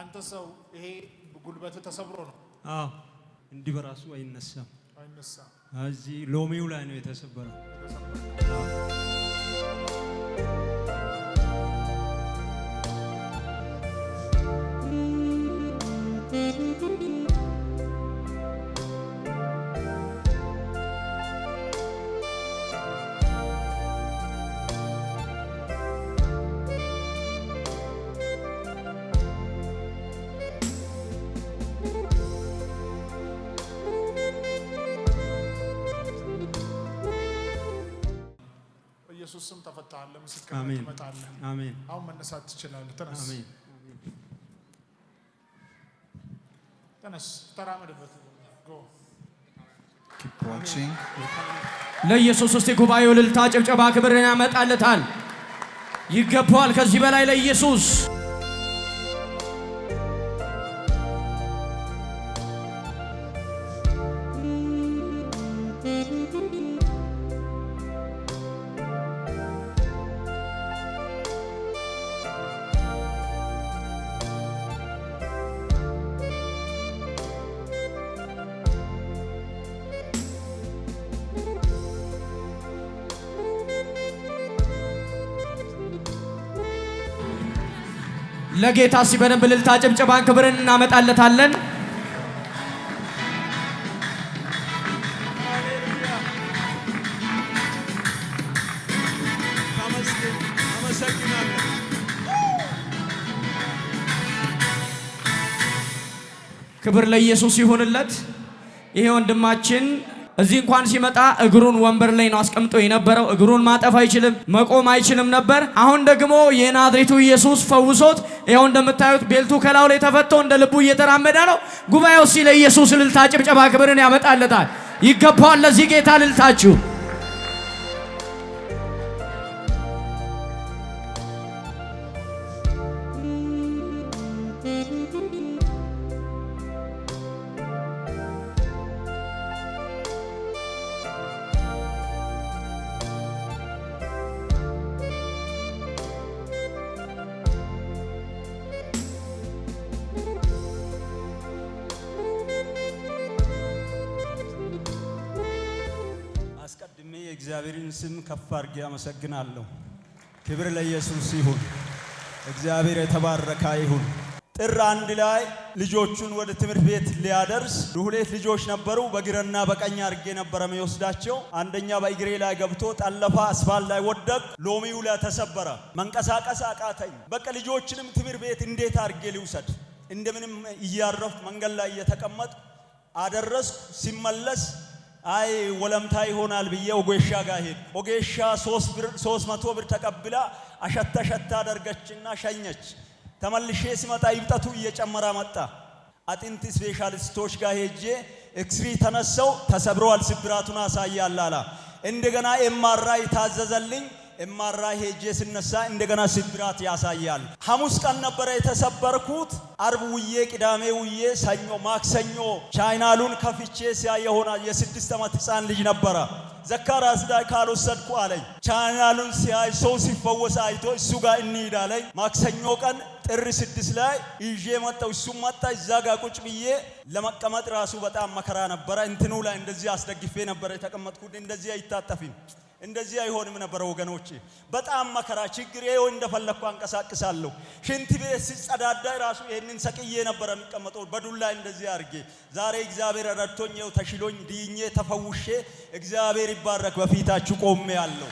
አንተ ሰው ይሄ ጉልበቱ ተሰብሮ ነው። አዎ እንዲህ በራሱ አይነሳም፣ አይነሳም። እዚህ ሎሚው ላይ ነው የተሰበረው። በኢየሱስ ስም ተፈታለ። ምስክርነት ትመጣለ። አሁን መነሳት ትችላለህ። ተነስ፣ ተነስ፣ ተራመድበት። ለኢየሱስ ውስጥ ጉባኤው ልልታ፣ ጭብጨባ፣ ክብርን ያመጣለታል። ይገባዋል። ከዚህ በላይ ለኢየሱስ ለጌታ ሲበደንብ ልልታ ጭብጨባን ክብርን እናመጣለታለን። ክብር ለኢየሱስ ይሁንለት። ይሄ ወንድማችን እዚህ እንኳን ሲመጣ እግሩን ወንበር ላይ ነው አስቀምጦ የነበረው። እግሩን ማጠፍ አይችልም፣ መቆም አይችልም ነበር። አሁን ደግሞ የናዝሬቱ ኢየሱስ ፈውሶት ይኸው እንደምታዩት ቤልቱ ከላው ላይ ተፈቶ እንደ ልቡ እየተራመደ ነው። ጉባኤው ሲለ ኢየሱስ እልልታ፣ ጭብጨባ፣ ክብርን ያመጣለታል። ይገባዋል ለዚህ ጌታ እልልታችሁ የእግዚአብሔርን ስም ከፍ አድርጌ አመሰግናለሁ። ክብር ለኢየሱስ ይሁን። እግዚአብሔር የተባረከ ይሁን። ጥር አንድ ላይ ልጆቹን ወደ ትምህርት ቤት ሊያደርስ ሁለት ልጆች ነበሩ። በግረና በቀኝ አድርጌ ነበረ የሚወስዳቸው። አንደኛ በእግሬ ላይ ገብቶ ጠለፋ፣ አስፋል ላይ ወደቅ፣ ሎሚው ላይ ተሰበረ። መንቀሳቀስ አቃተኝ። በቃ ልጆችንም ትምህርት ቤት እንዴት አድርጌ ልውሰድ? እንደምንም እያረፍኩ መንገድ ላይ እየተቀመጥኩ አደረስኩ። ሲመለስ አይ ወለምታ ይሆናል ብዬ ኦጌሻ ጋር ሄድ። ኦጌሻ ሶስት መቶ ብር ተቀብላ አሸታ ሸታ አደርገችና ሸኘች። ተመልሼ ሲመጣ ይብጠቱ እየጨመረ መጣ። አጥንት ስፔሻሊስቶች ጋር ሄጄ ኤክስሪ ተነሰው ተሰብረዋል፣ ስብራቱን አሳያላላ። እንደገና ኤምአርአይ ታዘዘልኝ። እማራ ሄጄ ስነሳ እንደገና ስብራት ያሳያል። ሐሙስ ቀን ነበረ የተሰበርኩት። አርብ ውዬ፣ ቅዳሜ ውዬ፣ ሰኞ ማክሰኞ ቻይናሉን ከፍቼ ሲያ የሆነ የስድስት ዓመት ሕፃን ልጅ ነበረ። ዘካርያስ ላይ ካልወሰድኩ አለኝ። ቻይናሉን ሲያይ ሰው ሲፈወስ አይቶ እሱ ጋር እንሂድ አለኝ። ማክሰኞ ቀን ጥር ስድስት ላይ ይዤ መጣው። እሱ መጣ። እዛ ጋር ቁጭ ብዬ ለመቀመጥ ራሱ በጣም መከራ ነበረ። እንትኑ ላይ እንደዚህ አስደግፌ ነበረ የተቀመጥኩት። እንደዚህ አይታጠፊም እንደዚህ አይሆንም ነበር ወገኖች። በጣም መከራ ችግር ይኸው እንደፈለግኩ አንቀሳቅሳለሁ። ሽንት ቤት ሲጸዳዳ ራሱ ይህንን ሰቅዬ ነበረ የሚቀመጠው በዱላ እንደዚህ አድርጌ። ዛሬ እግዚአብሔር ረድቶኝ ይኸው ተሽሎኝ ድኜ ተፈውሼ እግዚአብሔር ይባረክ በፊታችሁ ቆሜ ያለው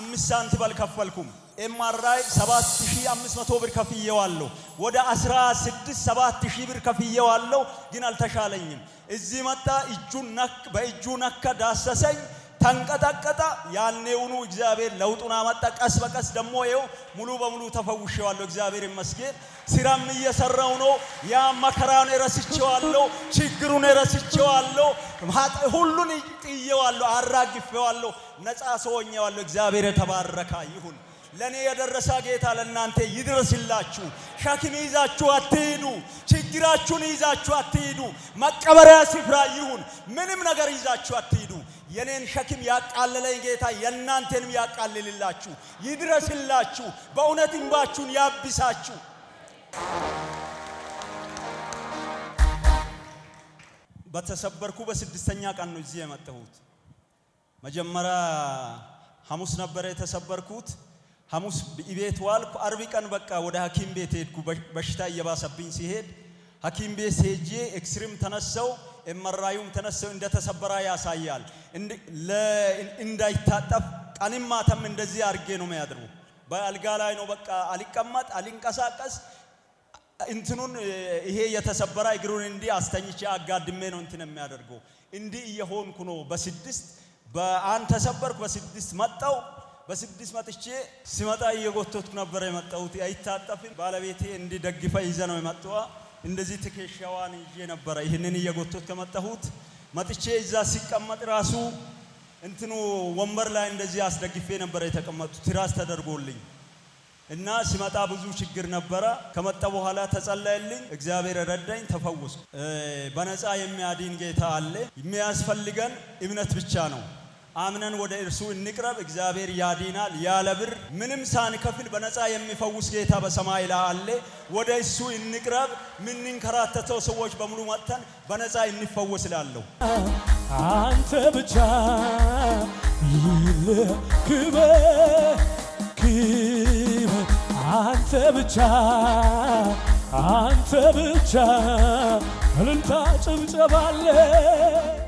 አምስት ሳንቲም አልከፈልኩም። ኤምአርአይ 7500 ብር ከፍየዋለሁ። ወደ 16 7000 ብር ከፍየዋለሁ፣ ግን አልተሻለኝም። እዚህ መጣ እጁ ነክ በእጁ ነከ፣ ዳሰሰኝ፣ ተንቀጠቀጠ። ያኔውኑ እግዚአብሔር ለውጡን አመጣ። ቀስ በቀስ ደግሞ ይኸው ሙሉ በሙሉ ተፈውሼዋለሁ። እግዚአብሔር ይመስገን። ስራም እየሰራው ነው። ያ መከራን ረስቼዋለሁ፣ ችግሩን ረስቼዋለሁ፣ ሁሉን ጥዬዋለሁ፣ አራግፌዋለሁ፣ ነፃ ሰውኜዋለሁ። እግዚአብሔር የተባረከ ይሁን። ለእኔ የደረሰ ጌታ ለእናንተ ይድረስላችሁ። ሸክም ይዛችሁ አትሂዱ። ችግራችሁን ይዛችሁ አትሂዱ። መቀበሪያ ስፍራ ይሁን። ምንም ነገር ይዛችሁ አትሂዱ። የኔን ሸክም ያቃለለኝ ጌታ የእናንተንም ያቃልልላችሁ፣ ይድረስላችሁ። በእውነት እንባችሁን ያብሳችሁ። በተሰበርኩ በስድስተኛ ቀን ነው እዚህ የመጣሁት። መጀመሪያ ሐሙስ ነበረ የተሰበርኩት። ሐሙስ ቤት ዋልኩ። አርብ ቀን በቃ ወደ ሐኪም ቤት ሄድኩ። በሽታ እየባሰብኝ ሲሄድ ሐኪም ቤት ሄጄ ኤክስሪም ተነሰው ኤምአርአዩም ተነሰው እንደተሰበራ ያሳያል። እንዳይታጠፍ ቀንም ማታም እንደዚህ አድርጌ ነው የሚያድሩ። በአልጋ ላይ ነው በቃ አልቀመጥ፣ አልንቀሳቀስ እንትኑን ይሄ የተሰበራ እግሩን እንዲህ አስተኝቼ አጋድሜ ነው እንትን የሚያደርገው። እንዲህ እየሆንኩ ነው። በስድስት በአንድ ተሰበርኩ፣ በስድስት መጣው በስድስት መጥቼ ሲመጣ እየጎተትኩ ነበረ የመጣሁት። አይታጠፍም ባለቤቴ እንዲደግፈ ይዘ ነው የመጣዋ። እንደዚህ ትከሻዋን ይዤ ነበረ ይህንን እየጎተት ከመጣሁት መጥቼ እዛ ሲቀመጥ ራሱ እንትኑ ወንበር ላይ እንደዚህ አስደግፌ ነበረ የተቀመጡ ትራስ ተደርጎልኝ እና ሲመጣ ብዙ ችግር ነበረ። ከመጣ በኋላ ተጸለየልኝ፣ እግዚአብሔር ረዳኝ፣ ተፈወስኩ። በነፃ የሚያድን ጌታ አለ። የሚያስፈልገን እምነት ብቻ ነው። አምነን ወደ እርሱ እንቅረብ። እግዚአብሔር ያዲናል። ያለ ብር ምንም ሳንከፍል በነፃ የሚፈውስ ጌታ በሰማይ ላይ አለ። ወደ እሱ እንቅረብ። ምንንከራተተው ሰዎች በሙሉ መጥተን በነፃ እንፈወስ እላለሁ። አንተ ብቻ ክበ ክበ አንተ ብቻ አንተ ብቻ እልልታ ጭብጨባለ